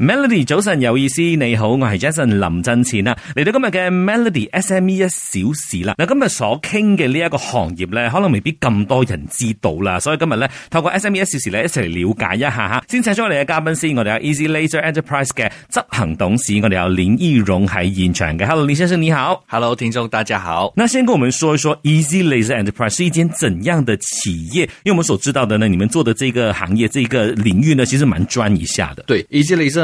Melody 早晨有意思，你好，我係 Jason 林振前啊，嚟到今日嘅 Melody SME 一小時啦。嗱，今日所傾嘅呢一個行業咧，可能未必咁多人知道啦，所以今日咧透過 SME 一小時咧一齊嚟了解一下吓。先請咗我哋嘅嘉賓先，我哋有 Easy Laser Enterprise 嘅執行董事，我哋有林義勇喺現場嘅。Hello，林先生你好，Hello，聽眾大家好。那先跟我們說一說，Hello, 說，一說 Easy Laser Enterprise 是一間怎樣的企業？因為我們所知道的呢，你們做的這個行業，這個領域呢，其實蠻專一下的。對，Easy Laser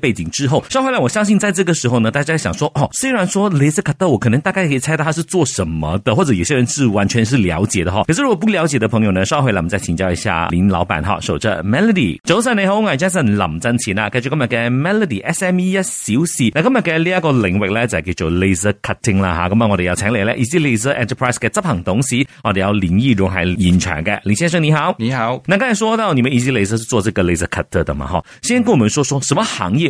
背景之後，稍後來我相信，在這個時候呢，大家想說哦，雖然說 Laser Cutter 我可能大概可以猜到他是做什麼的，或者有些人是完全是了解的哈。可是如果不了解的朋友呢，稍後來我們再請教一下林老闆哈，守着 Melody。早上你好，我是 Jason 林真奇啊。根據今日嘅 Melody SME 一小時，那今日嘅呢一個領域咧就係叫做 Laser Cutting 啦吓。咁啊，我哋又請你咧 Easy Laser Enterprise 嘅執行董事，我哋有林衣仲係現場嘅林先生，你好，你好。那剛才說到你們 Easy Laser 是做這個 Laser Cutter 的嘛哈？先跟我們說說什麼行業？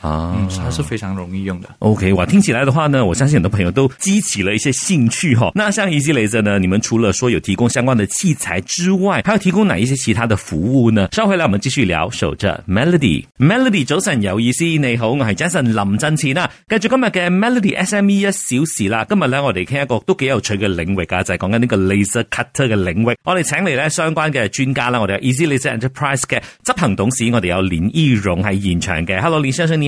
啊、嗯，它是非常容易用的。OK，我聽起來的話呢，我相信很多朋友都激起了一些興趣哈。那像 Easy Laser 呢，你們除了說有提供相關的器材之外，還有提供哪一些其他的服務呢？稍後咧，我們繼續聊。守着 Melody，Melody 早晨有意思，你好，我係 Jason 林振前啊。繼續今日嘅 Melody SME 一小時啦。今日咧，我哋傾一個都幾有趣嘅領域啊，就係講緊呢個 Laser Cutter 嘅領域。我哋請嚟咧相關嘅專家啦，我哋 Easy Laser Enterprise 嘅執行董事，我哋有連依榮喺現場嘅。Hello，連先生，你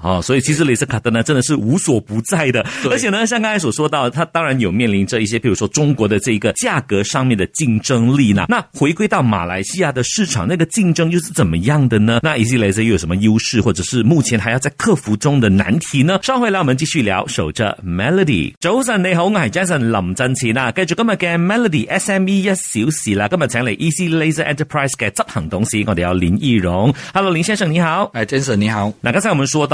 啊、哦，所以其實鐳射卡德呢，真的是無所不在的，對，而且呢，像剛才所說到，它當然有面臨着一些，譬如說中國的這一個價格上面的競爭力呢，那回歸到馬來西亞的市場，那個競爭又是怎麼樣的呢？那 Easy Laser 又有什麼優勢，或者是目前還要在克服中的難題呢？上回啦，我們繼續聊守着 Melody。早晨你好，我係 Jason 林振前啊，繼續今日嘅 Melody SME 一小時啦。今日請嚟 Easy Laser Enterprise 嘅執行董事。我哋要林義榮。Hello 林先生，你好，哎 Jason 你好，那剛才我們說到。